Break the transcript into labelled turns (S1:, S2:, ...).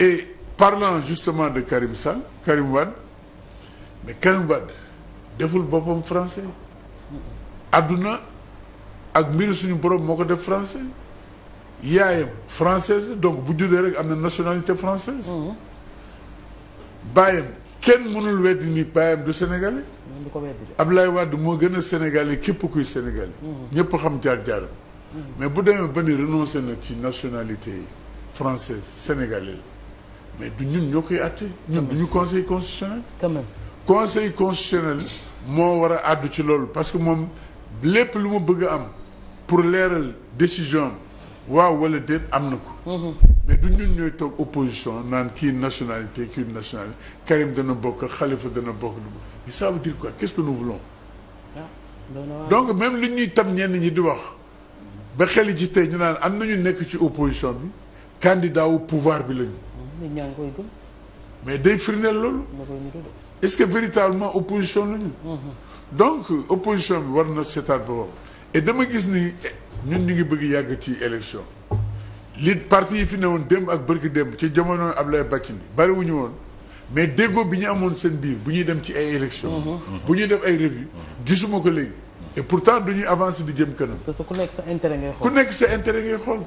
S1: et parlant justement de Karim Sall Karim Wade mais Karim Wade deful boppam français adduna ak mbiru suñu borom moo ko def français yaayam française donc bu juddee rek am na nationalité française mhm. baayam kenn mënul weddi ni baayam du sénégalais Ablaye Wade moo gën a sénégalais képp kuy sénégalais mhm. ñépp xam jaar-jaaram mhm. mais bu demee ba ni renoncé na ci nationalité française sénégalaise mais du ñun ñoo koy àtte ñun du ñu conseil constitutionnel quand même conseil constitutionnel moo war a àddu ci loolu parce que moom lépp lu mu bëgg a am pour leeral décision waaw wala déet am na ko mhm. mais du ñun ñooy toog opposition naan kii nationalité kii nationalité Karim dana bokk Khalifa dana bokk du mais ça veut dire quoi qu'est-ce que nous voulons ah, donc même li ñuy tam ñenn ñi di wax ba xel yi ci tey ñu naan am nekk ci opposition bi candidat wu pouvoir bi lañu nit ñaa mais day firndeel loolu. est-ce que véritablement opposition lañu. Mm-hmm. donc opposition bi war na seetaat boppam. et dama gis ni ñun ñu ngi bëgg yàgg ci élection li parti yi fi ne woon démb ak bërki démb ci jamono Abdoulaye Bathily bariwuñu woon mais déggoo bi ñu amoon seen biir bu ñuy dem ci ay élection mm-hmm. mm-hmm. bu ñu def ay revue gisuma ko léegi. et pourtant du ñuy avancer di jëm kanam. parce que ku nekk sa intérêt ku nekk sa intérêt ngay xool.